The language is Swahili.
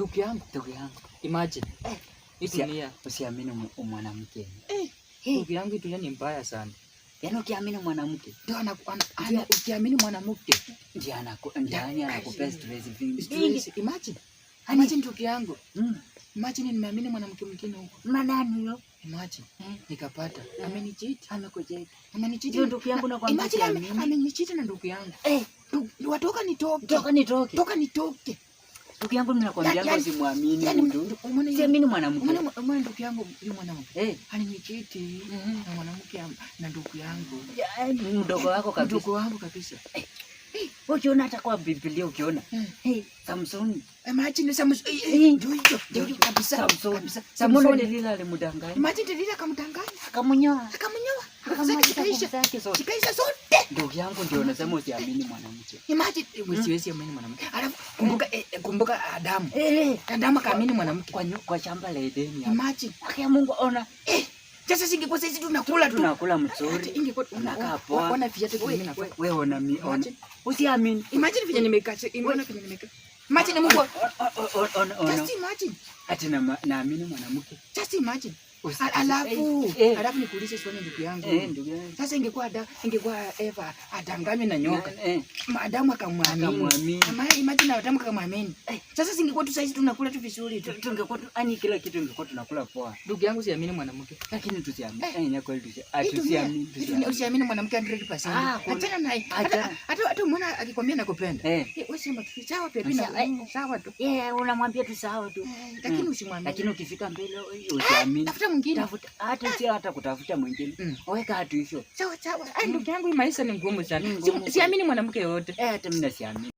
ndugu yangu, ndugu yangu, imagine eh, hii dunia usiamini mwanamke eh, eh, ndugu yangu, dunia ni mbaya sana. Yaani ukiamini mwanamke ndio anakuana, ukiamini mwanamke ndio ndio anakupea stress vingi. Eh, imagine, yaani- imagine ndugu yangu, mm. imagine nimeamini mwanamke mwingine huko, manani huyo Imagine mm. nikapata amenichiti, amekojeka, amenichiti ndio ndugu yangu, na kwamba imagine amenichiti na ndugu yangu, eh, watoka nitoke, toka nitoke, toka nitoke Ndugu yangu mimi nakwambia usimwamini mtu. Siamini mwanamke. Mwana ndugu yangu yule mwanamke. Eh, alinichiti mm-hmm. na mwanamke na ndugu yangu. Yaani mdogo wako kabisa. Ndugu wangu kabisa. Eh. eh ukiona hata kwa Biblia ukiona. Hmm. Eh, Samson. Imagine Samsoni. Ndio hiyo. Ndio kabisa. Samson. Samsoni. Samsoni lila alimdanganya. Imagine lila akamdanganya. Akamunyoa. Akamunyoa. Kikaisha sote. Ndugu yangu ndio nasema usiamini mwanamke. Imagine wewe eh, siwezi amini mwanamke. Alafu kumbuka eh Kumbuka Adamu. Eh, Adamu akaamini mwanamke kwa kwa shamba la Edeni. Imagine. Akia Mungu ona. Eh. Sasa singekuwa sisi tunakula tu. Tunakula mzuri. Ingekuwa unakaa poa. Ona viatu mimi nafaa. Wewe ona mimi ona. Usiamini. Imagine vile nimekaa. Imeona vile nimekaa. Imagine Mungu. Just imagine. Hata naamini mwanamke. Just imagine. Alafu eh, eh, alafu nikuulize swali ndugu yangu eh, ndugu yangu. Sasa ingekuwa ada, ingekuwa Eva adanganywe na nyoka eh, Adamu akamwamini, ama imagine Adamu akamwamini eh. Sasa singekuwa tu saizi tunakula tu vizuri tu, tungekuwa tu ani kila kitu ingekuwa tunakula poa. Ndugu yangu, siamini mwanamke, lakini tusiamini eh, eh nyako ile atusiamini, ah, tusiamini mwanamke 100%. Ah, Achana naye, hata hata umeona akikwambia nakupenda eh, eh wewe sema tu sawa, pepi na sawa tu eh, unamwambia tu sawa tu, lakini usimwamini, lakini ukifika mbele usiamini mwingine. Hata si hata kutafuta mwingine. Weka mm. hatu hizo. Sawa sawa. Ndugu yangu maisha ni ngumu sana. Siamini mwanamke yoyote. Eh, hata mimi siamini.